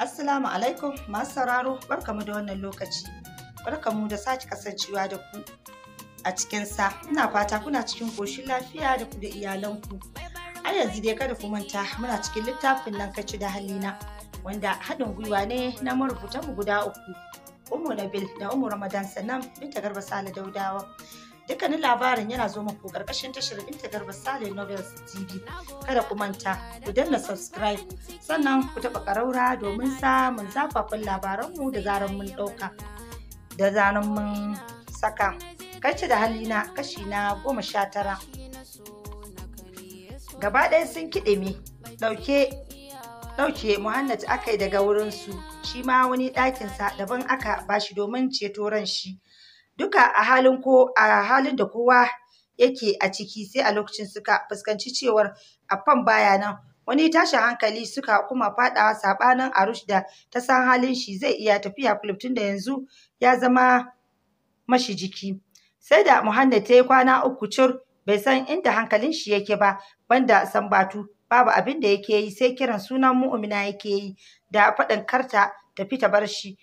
Assalamu alaikum masu sauraro barkamu da wannan lokaci. Barkamu da sake kasancewa da ku a cikin sa. Ina fata kuna cikin koshin lafiya da ku da iyalanku. A yanzu dai kada ku manta muna cikin littafin nan kaci da halina wanda haɗin gwiwa ne na marubutan mu guda uku. Umu Nabil da Umu Ramadan sannan Binta Garba Sale Daudawa. Dukkanin labarin yana zo muku karkashin tashar Binta Garba Sale Novels TV. Kada ku manta, ku danna subscribe, sannan ku taɓa ƙaraura domin samun zafafin labaranmu da zaran mun ɗauka, da zaran mun saka. ce da halina kashi na goma sha tara. Gaba ɗaya sun kiɗe mi, ɗauke ɗauke Muhannad aka yi daga wurinsu, shi ma wani ɗakinsa daban aka bashi domin ceto ran shi. duka a halin ko a halin da kowa yake a ciki sai a lokacin suka fuskanci cewar affan baya nan wani tashin hankali suka kuma fadawa sabanin arush da ta san halin shi zai iya tafiya tun da yanzu ya zama mashi jiki sai da muhanna ta yi kwana uku cur bai san inda hankalin shi yake ba banda sambatu babu abin da yake yi sai kiran sunan mu'umina yake yi da faɗin karta tafi ta bar shi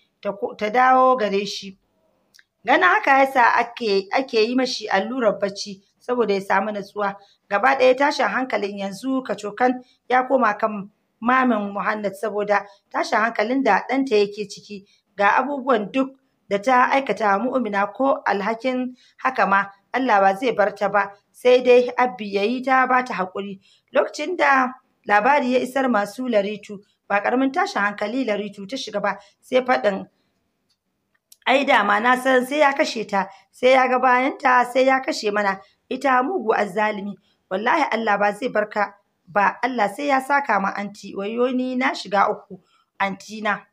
ta dawo gare shi Ganin haka yasa ake, ake yi mashi allurar bacci saboda ya samu natsuwa. Gaba ɗaya tashin hankalin yanzu kacokan ya koma kan mamin Muhannad saboda tashin hankalin da ɗanta yake ciki ga abubuwan duk da ta aikata mu'mina ko alhakin haka ma Allah ba zai bar ta ba sai dai Abbi ya yi ta ba ta haƙuri. Lokacin da labari ya isar masu Laritu ba ƙaramin tashin hankali Laritu ta shiga ba sai faɗin ai dama na san sai ya kashe ta sai ya ga bayanta sai ya kashe mana ita mugu azzalimi wallahi Allah ba zai barka ba Allah sai ya saka ma anti wayo ni na shiga uku anti na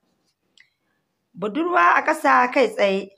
budurwa a ƙasa kai tsaye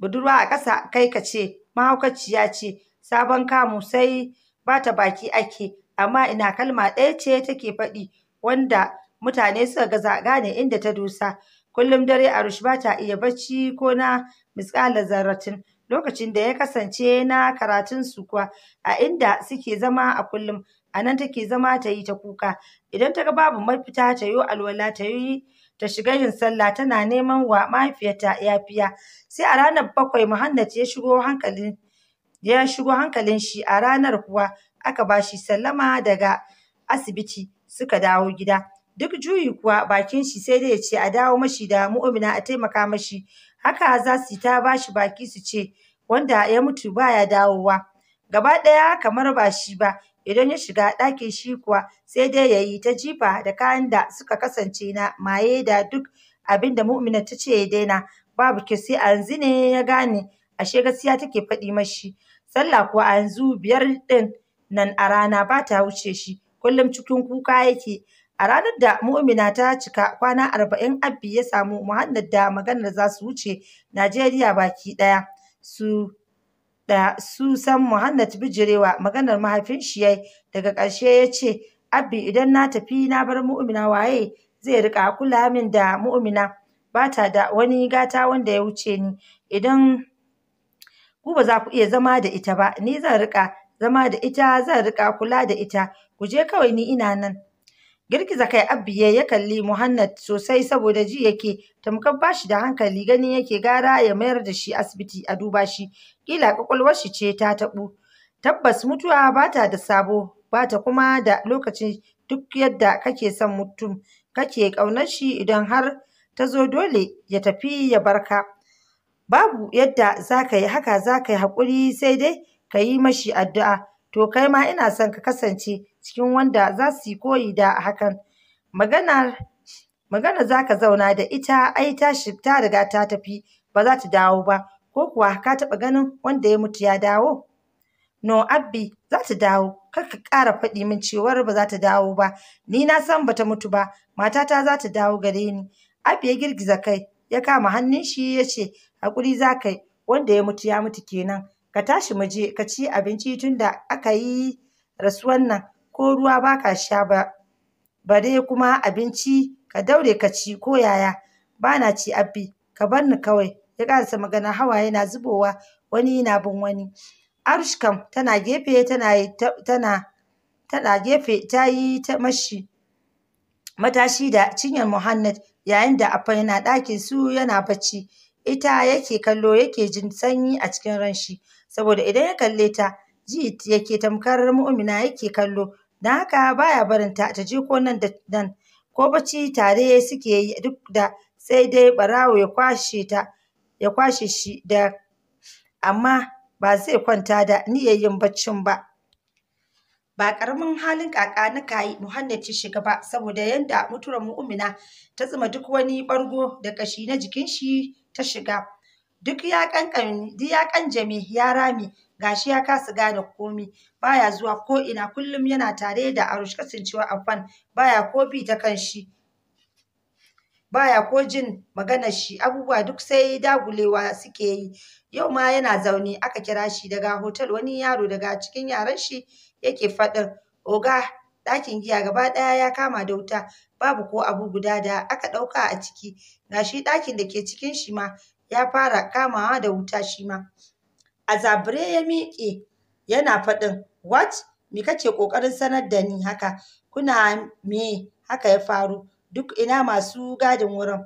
budurwa a ƙasa kai ka ce mahaukaciya ce sabon kamu sai ba ta baki ake amma ina kalma ɗaya ce take faɗi wanda mutane suka gaza gane inda ta dosa Kullum dare Arush ba ta iya bacci ko na misƙala zarratin. Lokacin da ya kasance na karatun su kuwa a inda suke zama a kullum a nan take zama ta yi ta kuka. Idan ta ga babu mafita ta yi alwala ta yi ta shiga yin sallah tana neman wa mahaifiyarta yafiya. Sai a ranar bakwai Muhannad ya shigo hankalin ya shigo hankalin shi a ranar kuwa aka bashi shi sallama daga asibiti suka dawo gida. duk juyi kuwa bakin shi sai dai ya ce a dawo mashi da mu'mina a taimaka mashi haka za su ta bashi baki su ce wanda ya mutu baya dawowa gaba ɗaya kamar ba shi ba idan ya shiga ɗakin shi kuwa sai dai ya yi ta jifa da kayan da suka kasance na maye da duk abin da mu'mina ta ce ya daina babu ke sai a yanzu ne ya gane ashe gaskiya take faɗi mashi sallah kuwa a yanzu biyar ɗin nan a rana ba ta wuce shi kullum cikin kuka yake A ranar da Mumina ta cika kwana arba'in Abbi ya samu Muhannad da maganar za su wuce Najeriya baki daya su da su san Muhannad bijirewa maganar mahaifin shi yayi daga karshe ya ce Abbi idan na tafi na bar Mu'mina waye zai rika kula min da Mu'mina ba ta da wani gata wanda ya wuce ni idan ku ba za ku iya zama da ita ba ni zan rika zama da ita zan rika kula da ita ku je kawai ni ina nan Girgiza kai abiye ya kalli Muhannad sosai saboda ji yake tamkar bashi da hankali gani yake gara ya mayar da shi asibiti a duba shi. Kila kwakwalwar shi ce ta taɓu. Tabbas mutuwa ba ta da sabo ba ta kuma da lokacin duk yadda kake son mutum kake ƙaunar shi idan har ta zo dole ya tafi ya barka. Babu yadda za ka yi haka za ka yi haƙuri sai dai ka yi mashi addu'a. to kai ma ina son ka kasance cikin wanda za su yi koyi da hakan maganar magana za ka zauna da ita ai ta ta riga ta tafi ba za ta dawo ba ko kuwa ka taɓa ganin wanda ya mutu ya dawo no abbi za ta dawo kar ka ƙara faɗi min cewar ba za ta dawo ba ni na san ba ta mutu ba matata za ta dawo gare ni abbi ya girgiza kai ya kama hannun shi ya ce haƙuri za kai wanda ya mutu ya mutu kenan ka tashi mu je ka ci abinci tunda aka yi rasuwan nan ko ruwa baka ka sha ba bare kuma abinci ka daure ka ci ko yaya Bana ci abbi ka bar ni kawai ya karasa magana hawa yana zubowa wani yana bin wani arush kam tana gefe tana tana tana gefe ta yi ta mashi matashi da cinyar muhannad yayin da afa yana ɗakin su yana bacci ita yake kallo yake jin sanyi a cikin ranshi saboda idan ya kalle ta ji yake tamkar mu'mina yake kallo don haka baya barin ta ta ji ko nan da nan ko bacci tare suke yi duk da sai dai barawo ya kwashe ta ya kwashe shi da amma ba zai kwanta da niyyar yin baccin ba ba karamin halin kaka na kai muhammad ya shiga ba saboda yanda mutuwar mu'mina ta tsima duk wani bargo da kashi na jikin shi ta shiga duk ya ƙanjame ya rame gashi ya kasa gane komi baya zuwa ko ina kullum yana tare da arush kasancewa a fan baya ko bi ta kan shi baya ko jin maganar shi abubuwa duk sai dagulewa suke yi yau ma yana zaune aka kira shi daga hotel wani yaro daga cikin yaran shi yake faɗin oga ɗakin giya gaba ɗaya ya kama da wuta babu ko abu guda da aka ɗauka a ciki gashi ɗakin da ke cikin shi ma ya fara kamawa da wuta shi ma. A zabure ya miƙe yana faɗin what me kake ƙoƙarin sanar da ni haka kuna me haka ya faru duk ina masu gadin wurin.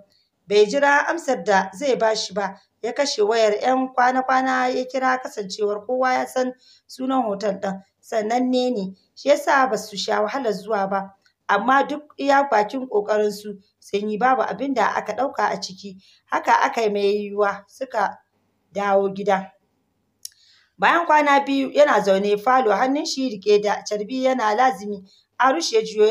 Bai jira amsar da zai ba shi ba ya kashe wayar 'yan kwana-kwana ya kira kasancewar kowa ya san sunan hotel ɗin sananne ne shi yasa ba su sha wahalar zuwa ba amma duk iya bakin ƙoƙarinsu sanyi babu abin da aka ɗauka a ciki haka aka mai yiwuwa suka dawo gida bayan kwana biyu yana zaune falo hannun shi rike da carbi yana lazimi arush ya juyo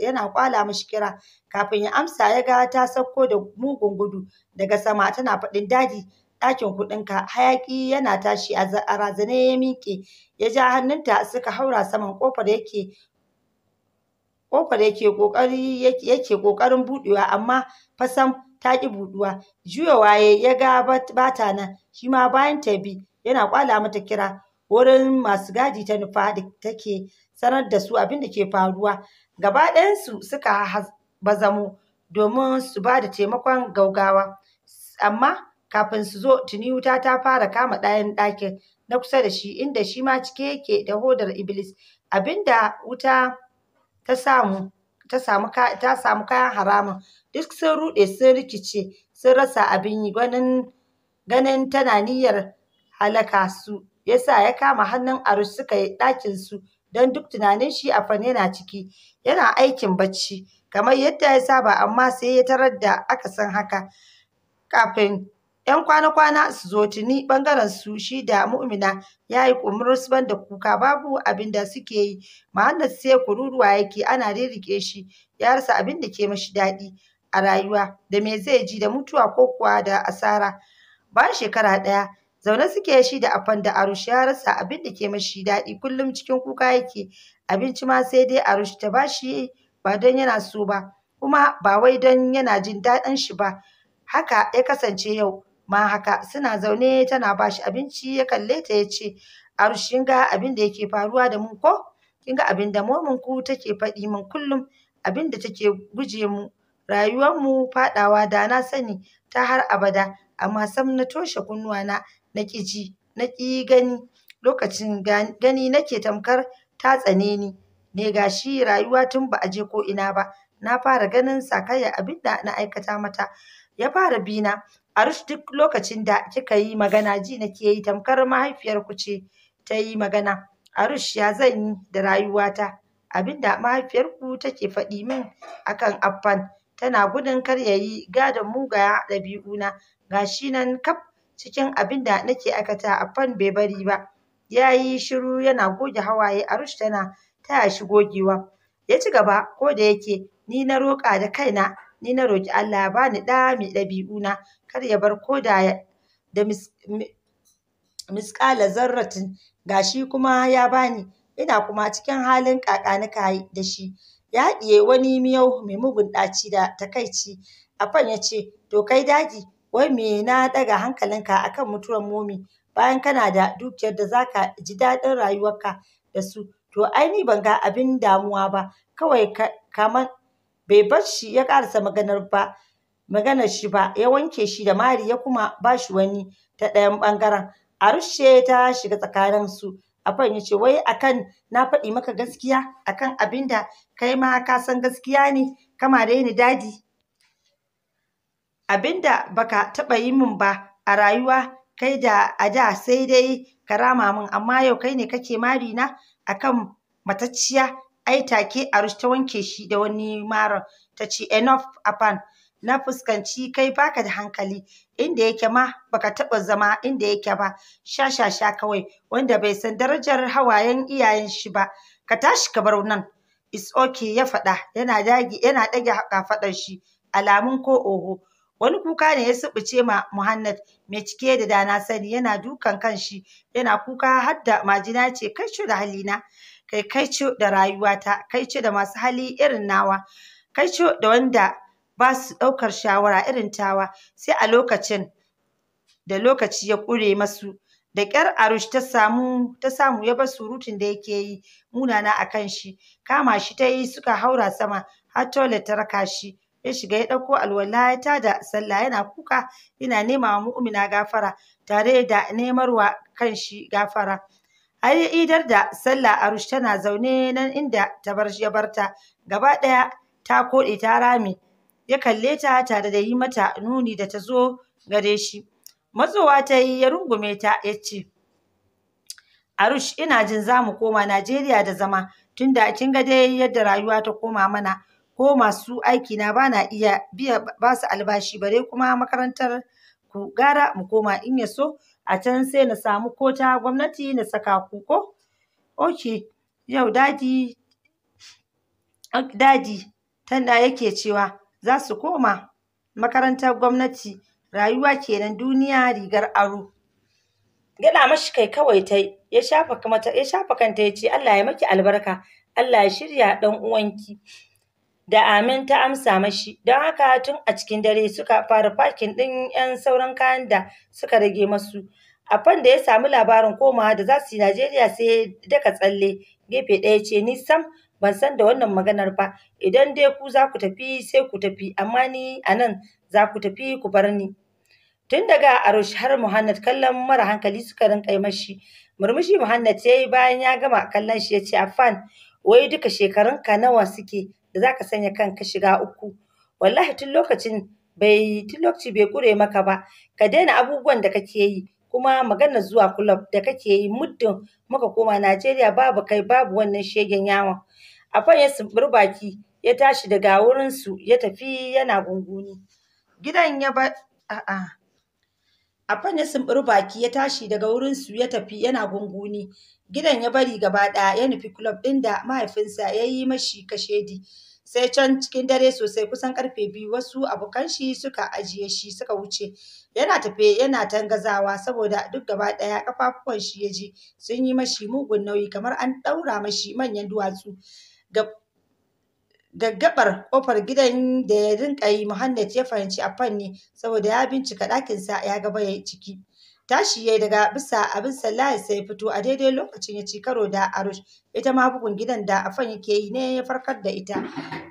yana kwala mashi kira kafin ya amsa ya ga ta sauko da mugun gudu daga sama tana faɗin dadi ɗakin kuɗinka hayaƙi yana tashi a razane ya miƙe ya ja hannunta suka haura saman ƙofar yake ƙofar yake kokari yake ƙoƙarin buɗewa amma fasam ta ƙi buɗuwa waye ya ga bata nan shi ma bayan ta bi yana kwala mata kira wurin masu gadi ta nufa da take sanar da su abin da ke faruwa gaba su suka bazamo domin su ba da taimakon gaugawa amma kafin su zo tuni wuta ta fara kama ɗayan ɗakin na kusa da shi inda shi ma cike yake da hodar iblis abinda wuta ta samu kayan haramun duk sun ruɗe sun rikice sun rasa abin yi ganin ganin tana niyyar halaka su yasa ya kama hannun Arush suka yi ɗakin su don duk tunanin shi a Afan na ciki yana aikin bacci kamar yadda ya saba amma sai ya tarar da aka san haka kafin 'yan kwana-kwana su zo tuni ɓangaren su shi da mu'mina ya yi ƙumurus da kuka babu abin da suke yi muhannas sai kururuwa yake ana rirriƙe shi ya rasa abin da ke mashi daɗi a rayuwa da me zai ji da mutuwa ko kuwa da asara Ba shekara ɗaya zaune suke shi da afan da arushi ya rasa abin da ke mashi daɗi kullum cikin kuka yake abinci ma sai dai arush ta bashi ba don yana so ba kuma ba wai don yana jin daɗin shi ba haka ya kasance yau ma haka suna zaune tana ba shi abinci ya kalle ta ya ce arushin ga abin da yake faruwa da mu ko kin ga abin da momin ku take faɗi min kullum abin da take guje mu rayuwar mu faɗawa da na sani ta har abada amma sam na toshe kunnuwa na ƙi ji na ƙi gani lokacin gani nake tamkar ta tsane ni ne gashi rayuwa tun ba a je ko ina ba na fara ganin sakayya abin da na aikata mata ya fara bina Arush duk lokacin da kika yi magana ji nake yi tamkar mahaifiyarku ce ta yi magana. Arush ya zan yi da rayuwata abinda mahaifiyarku take faɗi min akan Affan tana gudun kar ya yi gadon mugaya ɗabi'una shi nan kaf cikin abinda nake aikata Affan bai bari ba. Ya yi shiru yana goge hawaye Arush tana taya shi gogewa. Ya ci gaba ko da yake ni na roƙa da kaina ni na roƙi Allah ya bani ɗa mai ɗabi'u na kar ya bar ko da da misƙala zarratin gashi kuma ya bani ina kuma cikin halin ƙaƙanika da shi ya haɗiye wani miyau mai mugun ɗaci da takaici afan ya ce to kai daji wai me na ɗaga hankalinka akan mutuwar momi bayan kana da dukiyar da zaka ji daɗin rayuwarka da su to ai ni ban ga abin damuwa ba kawai kaman bai bar shi ya karasa maganar ba maganar shi ba ya wanke shi da mari ya kuma ba shi wani ta ɗayan ɓangaren rushe, ta shiga tsakanin su afan ya ce wai akan na faɗi maka gaskiya akan abin da kai ma ka san gaskiya ne kama ni dadi abin da baka taɓa yi min ba a rayuwa kai da a da sai dai ka rama min amma yau kai ne kake mari na akan matacciya ai take a rushe ta wanke shi da wani maron ta ce enough afan na fuskanci kai baka da hankali inda yake ma baka taɓa zama inda yake ba shashasha kawai wanda bai san darajar hawayen iyayen shi ba ka tashi ka bar nan is okay ya faɗa yana dage yana ɗage kafaɗar shi alamun ko oho wani kuka ne ya subuce ma Muhannad mai cike da dana sani yana dukan kanshi yana kuka har da majina ce kai shi da halina kai kaico da rayuwata kai kaico da masu hali irin nawa kai kaico da wanda ba su ɗaukar shawara irin tawa sai a lokacin da lokaci ya ƙure masu da ƙyar arush ta samu ta samu ya bar surutun da yake yi munana a kan shi kama shi ta yi suka haura sama har toilet ta raka shi ya shiga ya ɗauko alwala ya tada sallah yana kuka yana nema wa mu'mina gafara tare da nemarwa kan shi gafara har ya idar da sallah arush tana zaune nan inda ta bar ya barta gaba ɗaya ta koɗe ta rami, ya kalle ta tare da yi mata nuni da ta zo gare shi matsowa ta yi ya rungume ta ya ce arush ina jin za mu koma najeriya da zama tunda kin ga dai yadda rayuwa ta koma mana ko masu aiki na bana iya biya ba su albashi bare kuma makarantar ku gara mu koma in ya so a can sai na samu ko ta gwamnati na saka ku ko ok yau daji daji tanda yake cewa za su koma makarantar gwamnati rayuwa kenan duniya rigar aro gyaɗa mashi kai kawai ta ya shafa kanta ya ce Allah ya maki albarka Allah ya shirya ɗan uwanki da Amin ta amsa mashi, don haka tun a cikin dare suka fara fakin ɗin 'yan sauran kayan da suka rage masu. A fan da ya samu labarin komawa da za su yi Najeriya sai daga daka tsalle gefe ɗaya ce ni sam ban san da wannan maganar ba idan dai ku za ku tafi sai ku tafi amma ni a nan za ku tafi ku bar ni. Tun daga Arush har Muhammad kallon mara hankali suka rinƙa mashi murmushi Muhannad ya yi bayan ya gama kallon shi ya ce a fan. wai duka shekarunka nawa suke da za ka sanya kanka shiga uku wallahi tun lokacin bai tun lokaci bai ƙure maka ba ka daina abubuwan da kake yi kuma maganar zuwa kulob da kake yi muddin muka koma Najeriya babu kai babu wannan shegen yawon. Afan ya sumbur ya tashi daga wurin su ya tafi yana gunguni. Gidan ya ba a'a Affan ya sumburi baki ya tashi daga wurin su ya tafi yana gunguni. Gidan ya bari gaba ɗaya ya nufi club ɗin da mahaifinsa ya yi mashi kashedi. Sai can cikin dare sosai kusan karfe biyu wasu abokan shi suka ajiye shi suka wuce. Yana tafe yana tangazawa saboda duk gaba ɗaya kafafuwan shi ya ji sun yi mashi mugun nauyi kamar an ɗaura mashi manyan duwatsu. gaggaɓar kofar gidan da ya rinka yi Muhannad ya fahimci a fanni saboda ya bincika ɗakinsa ya gaba ya ciki. Tashi ya daga bisa abin sallah sai fito a daidai lokacin ya ci karo da Arush ita ma bugun gidan da a fanni yake yi ne ya farkar da ita.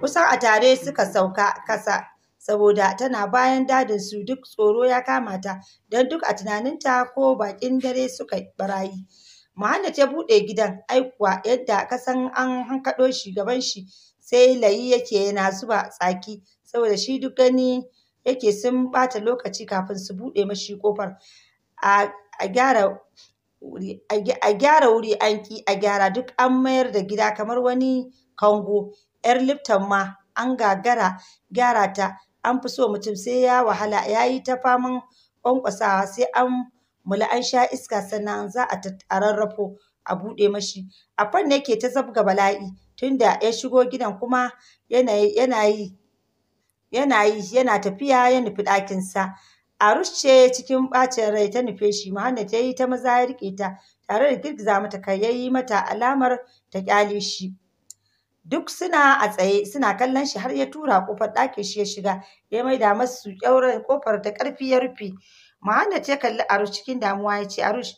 Kusan a tare suka sauka kasa saboda tana bayan dadin su duk tsoro ya kama ta don duk a tunaninta ko bakin dare suka barayi. muhammad ya buɗe gidan aikuwa yadda kasan an hankaɗo shi gaban shi sai layi yake yana zuba tsaki saboda shi duk gani yake sun bata lokaci kafin su buɗe mashi kofar a gyara wuri a an ki a gyara duk an mayar da gida kamar wani kango yar liftan ma an gagara gyara ta an fi so mutum sai ya wahala ya yi ta faman ƙwanƙwasawa sai an mula an sha iska sannan za a rarrafo a buɗe mashi a fanne yake ta zabga bala'i tunda ya shigo gidan kuma yana yi yana tafiya ya nufi ɗakinsa Arush ce cikin ɓacin rai ta nufe shi Muhammad ta yi ta maza ya riƙe ta tare da girgiza mata kai ya yi mata alamar ta ƙyale shi duk suna a tsaye suna kallon shi har ya tura kofar ɗakin shi ya shiga ya maida masu ƙyauren kofar da ƙarfi ya rufe Muhammad ya kalli arus cikin damuwa ya ce arus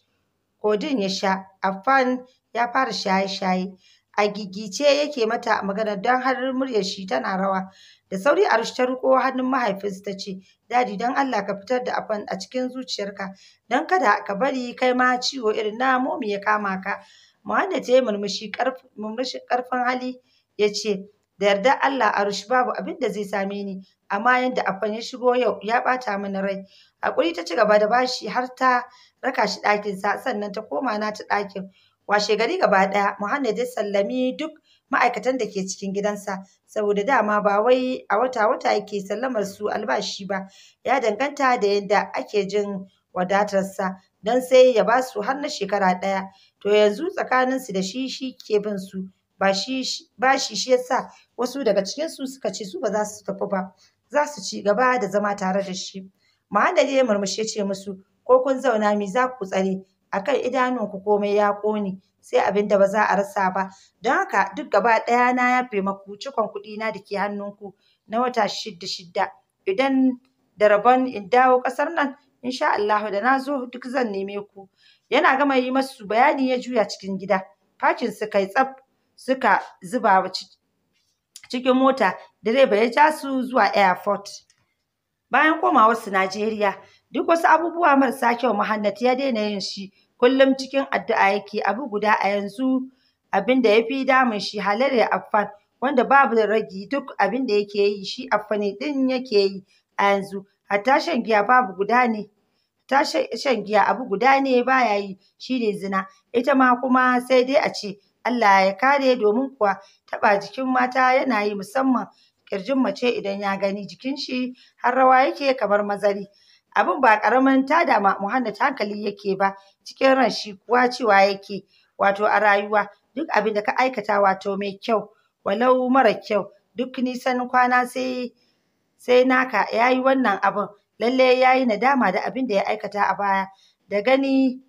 kodin ya sha Affan ya fara shaye-shaye a gigice yake mata magana don har muryar shi tana rawa da sauri Arush ta riko hannun mahaifinsa ta ce dadi don Allah ka fitar da afan a cikin zuciyarka don kada ka bari kai ma ciwo irin na momi ya kama ka Muhanna ta yi murmushi karfin hali ya ce da yarda Allah rushe babu abin da zai same ni amma yadda afan ya shigo yau ya bata mana rai Hakuri ta ci gaba da bashi har ta raka shi ɗakin sa sannan ta koma na ta ɗakin. Washe gari gaba ɗaya Muhammad ya sallami duk ma'aikatan da ke cikin gidansa saboda dama ba wai a wata-wata yake sallamar su albashi ba ya danganta da yadda ake jin wadatarsa don sai ya ba su har na shekara ɗaya to yanzu tsakaninsu da shi shi ke bin su ba shi shi yasa wasu daga cikin su suka ce su ba za su tafi ba za su ci gaba da zama tare da shi. Muhammad ya murmushi ya ce musu ko kun zauna me za ku tsare A kan idanunku komai ya ƙone sai abin da ba za a rasa ba don haka duk gaba ɗaya na yafe maku cikon kuɗi na da ke hannunku na wata shidda shidda idan da rabon in dawo ƙasar nan insha Allahu da na zo duk zan neme ku yana gama yi masu bayani ya juya cikin gida fakin suka yi tsaf suka zuba cikin mota direba ya ja su zuwa airport Bayan komawarsu Najeriya, duk wasu abubuwa marasa kyau Mahannat ya daina yin shi, kullum cikin addu'a yake abu guda a yanzu abin da ya fi damun shi halayyar Affan wanda babu da ragi duk abin da yake yi shi Affani din yake yi a yanzu hatta shan giya babu guda ne ta shan giya abu guda ne baya yi shi ne zina ita ma kuma sai dai a ce Allah ya kare domin kuwa taɓa jikin mata yana yi musamman ƙirjin mace idan ya gani jikin shi har rawa yake kamar mazari abin ba ƙaramin tada ma Muhammad hankali yake ba cikin ran shi kuwa cewa yake wato a rayuwa duk abin da ka aikata wato mai kyau walau mara kyau duk nisan kwana sai sai naka yayi wannan abin lalle yayi nadama da abin da ya aikata a baya da gani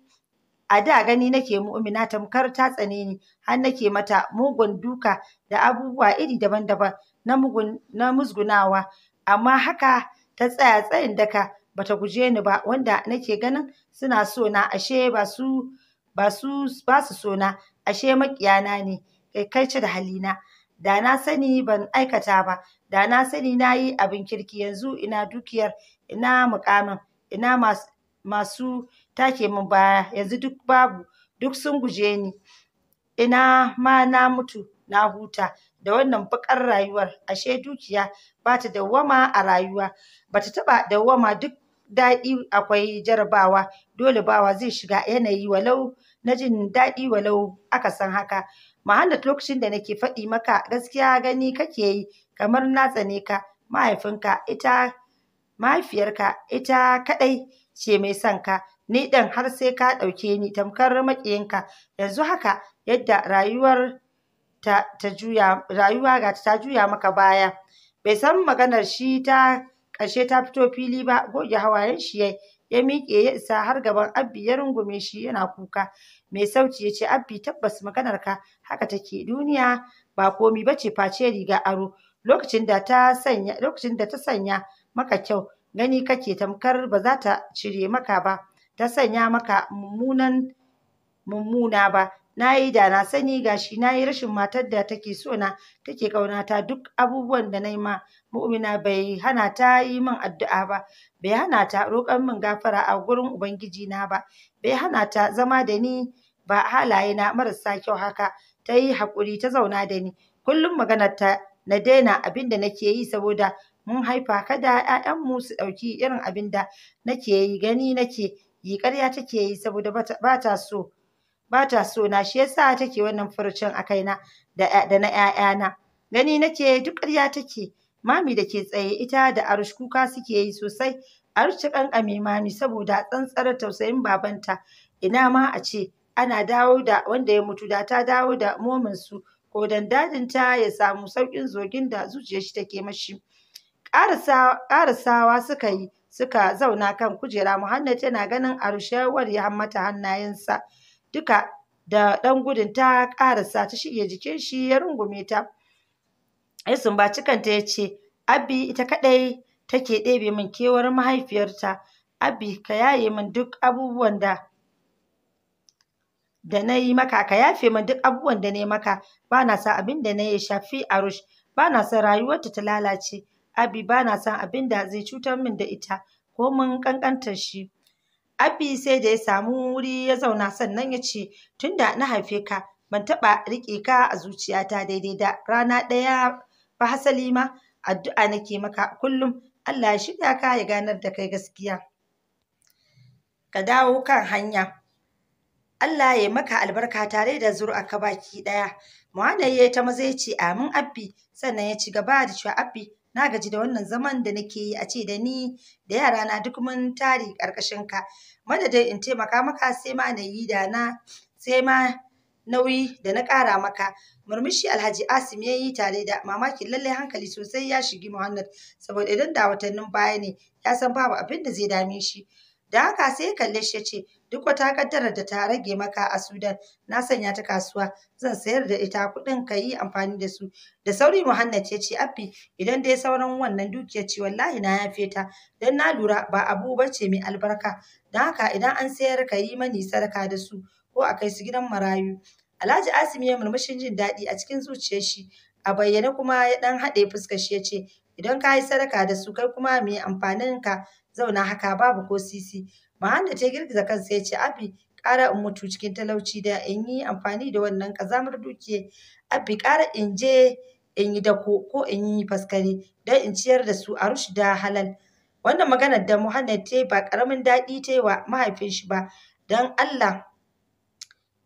a da gani nake mu'mina tamkar ta tsane ni har nake mata mugun duka da abubuwa iri daban-daban na mugun na musgunawa amma haka ta tsaya tsayin daka bata guje ni ba wanda nake ganin suna so na ashe ba su ba su ba su so na ashe makiyana ne kai kaikaici da halina da na sani ban aikata ba da na sani na yi abin kirki yanzu ina dukiyar ina mukamin ina masu take min baya yanzu duk babu duk sun guje ni ina ma na mutu na huta da wannan bakar rayuwar ashe dukiya ba ta dawwama a rayuwa ba ta taɓa dawwama duk daɗi akwai jarabawa dole bawa zai shiga yanayi walau na jin daɗi walau aka san haka mahallat lokacin da nake faɗi maka gaskiya gani kake yi kamar na tsane ka mahaifinka ita mahaifiyarka ita kaɗai ce mai sanka. ni ɗin har sai ka ɗauke ni tamkar maƙiyinka yanzu haka yadda rayuwar ta, ta juya rayuwa ga ta juya maka baya bai san maganar shi ta ƙarshe ta fito fili ba goge hawayen shi yayi ya miƙe ya isa har gaban Abbi ya rungume shi yana kuka. Mai sauci ya ce Abbi tabbas maganar ka? haka take duniya ba komi bace face riga aro. Lokacin da ta sanya lokacin da ta sanya maka kyau gani kake tamkar ba za ta cire maka ba. ta sanya maka mummunan mummuna ba na yi da na sani gashi na yi rashin matar da take so na take ƙaunata duk abubuwan da na ma mu'mina bai hana ta yi min addu'a ba bai hana ta roƙon min gafara a gurin ubangiji na ba bai hana ta zama da ni ba halaye na marasa kyau haka ta yi haƙuri ta zauna da ni kullum maganar ta na daina abin da nake yi saboda mun haifa kada 'ya'yanmu su ɗauki irin abin da nake yi gani nake yi ƙarya take yi saboda ba ta so ba ta so na shi yasa take wannan furucin a kaina da da na ƴaƴana gani nake duk ƙarya take mami da ke tsaye ita da arush kuka suke yi sosai arush ta kankame mami saboda tsantsar tausayin babanta ina ma a ce ana dawo da wanda ya mutu da ta dawo da momin su ko dan dadin ta ya samu saukin zogin da zuciyar shi take mashi ƙarasawa suka yi suka zauna kan kujera Muhannad yana ganin arushewar ya hammata hannayensa duka da ɗan gudun ta ƙarasa ta shige jikin shi ya rungume ta ya sumbaci kanta ya ce Abi ita kaɗai take ɗebe min kewar mahaifiyarta Abi ka yaye min duk abubuwan da da na maka ka yafe min duk abubuwan da na yi maka ba na sa abin da na yi shafi arush ba na sa rayuwarta ta lalace Abi ba na son abin da zai cutar min da ita ko mun ƙanƙantar shi. Abi sai da ya samu wuri ya zauna sannan ya ce tunda na haife ka ban taɓa riƙe ka a zuciyata daidai da rana ɗaya ba hasali ma addu'a nake maka kullum Allah ya shirya ka ya ganar da kai gaskiya. Ka dawo kan hanya. Allah ya maka albarka tare da zuri'a ka baki ɗaya. Muhammad ya ta maza ya ce amin abbi sannan ya ci gaba da cewa abbi na gaji da wannan zaman da nake yi a ce da ni da yara na duk mun tari karkashin ka madadin in taimaka maka sai ma na yi da na sai ma nauyi da na ƙara maka murmushi alhaji asim ya yi tare da mamakin lallai hankali sosai ya shigi muhammad saboda idan da watannin baya ne ya san babu abin da zai dame shi da haka sai ya kalle shi ya ce Duk wata kaddarar da ta rage maka a Sudan na sanya ta kasuwa zan sayar da ita kuɗin ka yi amfani da su. Da sauri Muhammad ya ce Abbi idan dai sauran wannan dukiyar ce wallahi na yafe ta don na lura ba abu bace mai albarka. dan haka idan an sayar ka yi mani sadaka da su ko a kai su gidan marayu. Alhaji Asim ya murmushin jin daɗi a cikin zuciyar shi a bayyane kuma ya ɗan haɗe fuskar shi ya ce idan ka yi sadaka da su kai kuma mai amfanin ka zauna haka babu ko sisi Mahanda ta girgiza kansa ya ce Abi ƙara in mutu cikin talauci da in yi amfani da wannan ƙazamar dukiya. Abi ƙara in je in yi dako ko in yi faskare don in ciyar da su a rushe da halal. Wannan maganar da Muhammad ta yi ba ƙaramin daɗi ta yi wa mahaifin shi ba don Allah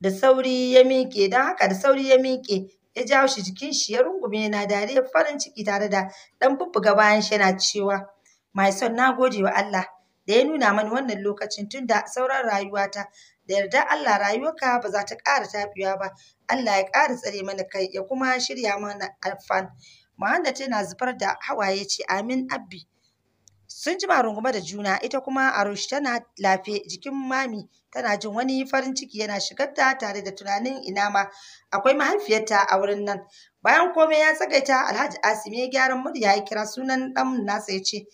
da sauri ya miƙe don haka da sauri ya miƙe ya jawo shi jikin shi ya rungume yana dariyar farin ciki tare da ɗan bubbuga bayan shi yana cewa Mai son na gode wa Allah da ya nuna mani wannan lokacin tun da sauran rayuwata da yarda Allah rayuwarka ba za ta ƙara tafiya ba Allah ya ƙara tsare mana kai ya kuma shirya mana alfan Muhammad tana zubar da hawaye ce amin abbi sun jima rungume da juna ita kuma arush tana lafe jikin mami tana jin wani farin ciki yana shigar ta tare da tunanin ina ma akwai mahaifiyarta a wurin nan bayan komai ya tsagaita alhaji asimi ya gyaran murya ya kira sunan ɗan nasa ya ce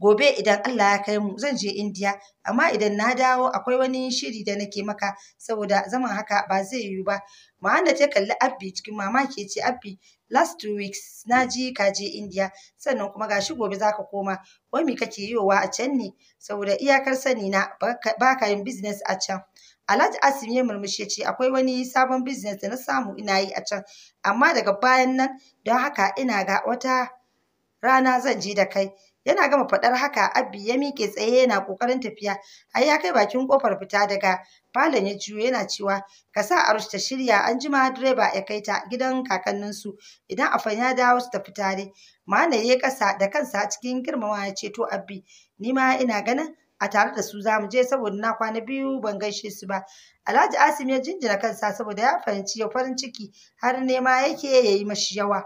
gobe idan Allah ya kai mu zan je Indiya amma idan na dawo akwai wani shiri da nake maka saboda zaman haka ba zai yiwu ba Muhanna ta kalli Abbi cikin mamaki ce Abbi last two weeks na ji ka je Indiya sannan kuma gashi gobe zaka koma wai me kake yiwa a can ne saboda iyakar sani na baka yin business a can Alhaji Asim ya murmushi ya ce akwai wani sabon business da na samu ina yi a can amma daga bayan nan don haka ina ga wata rana zan je da kai yana gama faɗar haka abbi ya miƙe tsaye yana ƙoƙarin tafiya har ya kai bakin ƙofar fita daga falon ya juyo yana cewa ka sa arush ta shirya an jima direba ya kai ta gidan kakanninsu idan afan ya dawo su tafi tare mana ya kasa da kansa cikin girmama ya ce to abbi ni ma ina ganin a tare da su zamu je saboda na kwana biyu ban gaishe su ba alhaji asim ya jinjina kansa saboda ya fahimci ya farin ciki har nema yake yayi mashi yawa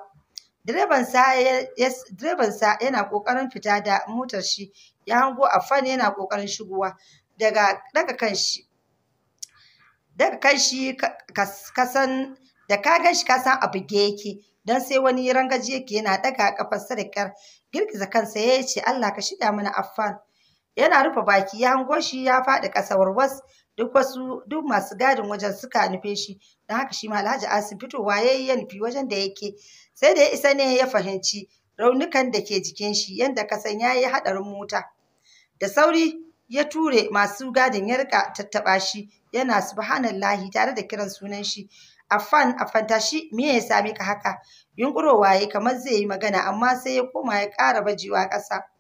Direban sa yana kokarin fita da motar shi ya hango a fan yana kokarin shigowa daga daga kan daga kan kasan da ka gashi shi a abu yake dan sai wani rangaji yake yana daga kafar da ƙyar girgiza kansa ya ce Allah ka shida mana afan yana rufe baki ya hango shi ya faɗi ƙasa warwas duk wasu duk masu gadin wajen suka nufe shi don haka shi ma Alhaji Asim fitowa ya yi ya nufi wajen da yake sai da ya isa ne ya fahimci raunukan da ke jikin shi yadda kasan ya yi haɗarin mota da sauri ya ture masu gadin ya rika tattaɓa shi yana subhanallahi tare da kiran sunan shi afan Affan tashi me ya sami ka haka yunkurowa kamar zai yi magana amma sai ya koma ya ƙara bajewa ƙasa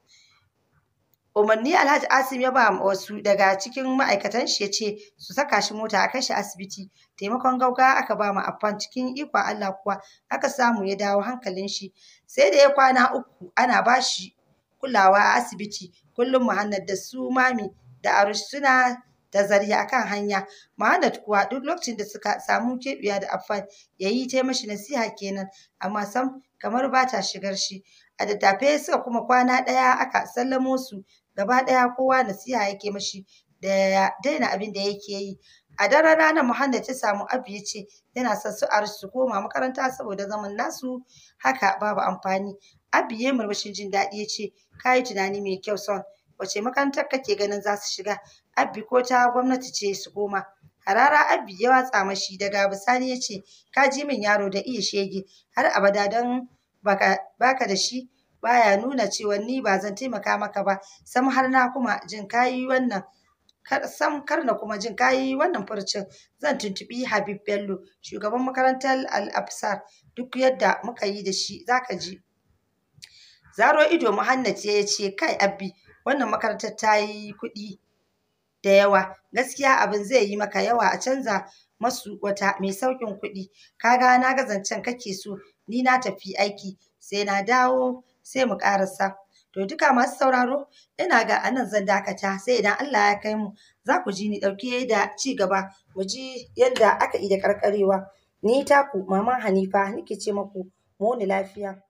umarni alhaji asim ya ba wasu daga cikin ma'aikatan shi ya ce su saka shi mota a kai shi asibiti taimakon gauga aka ba mu affan cikin ikon allah kuwa aka samu ya dawo hankalin shi sai da ya kwana uku ana ba shi kulawa a asibiti kullum muhannad da su mami da arush suna da zariya akan hanya muhannad kuwa duk lokacin da suka samu kebiya da afan ya yi ta mashi nasiha kenan amma sam kamar ba ta shigar shi a daddafe suka kuma kwana ɗaya aka sallamo su gaba ɗaya kowa nasiha yake mashi da daina abin da yake yi a daren ranar muhammad ta samu abu ya ce yana son su arsu su koma makaranta saboda zaman nasu haka babu amfani abu ya murmushin jin daɗi ya ce ka yi tunani mai kyau son wace makarantar kake ganin za su shiga abbi ko ta gwamnati ce su koma harara abbi ya watsa mashi daga bisani ya ce ka ji min yaro da iya shege har abada don baka da shi baya nuna cewa ni ba zan taimaka maka ba sam har na kuma jin kayi wannan sam kar na kuma jin kayi wannan furcin zan tuntubi Habib Bello shugaban makarantar al afsar duk yadda muka yi da shi zaka ji Zaro ido muhannat ya ce kai Abbi wannan makarantar ta yi kuɗi da yawa gaskiya abin zai yi maka yawa a canza masu wata mai saukin kuɗi kaga na ga zancen kake so ni na tafi aiki sai na dawo sai mu ƙarasa. To duka masu sauraro ina ga anan zan dakata sai idan Allah ya kai mu za ku ji ni ɗauke da ci gaba mu ji yadda aka yi da ƙarƙarewa. Ni taku Mama Hanifa nake ce maku mu lafiya.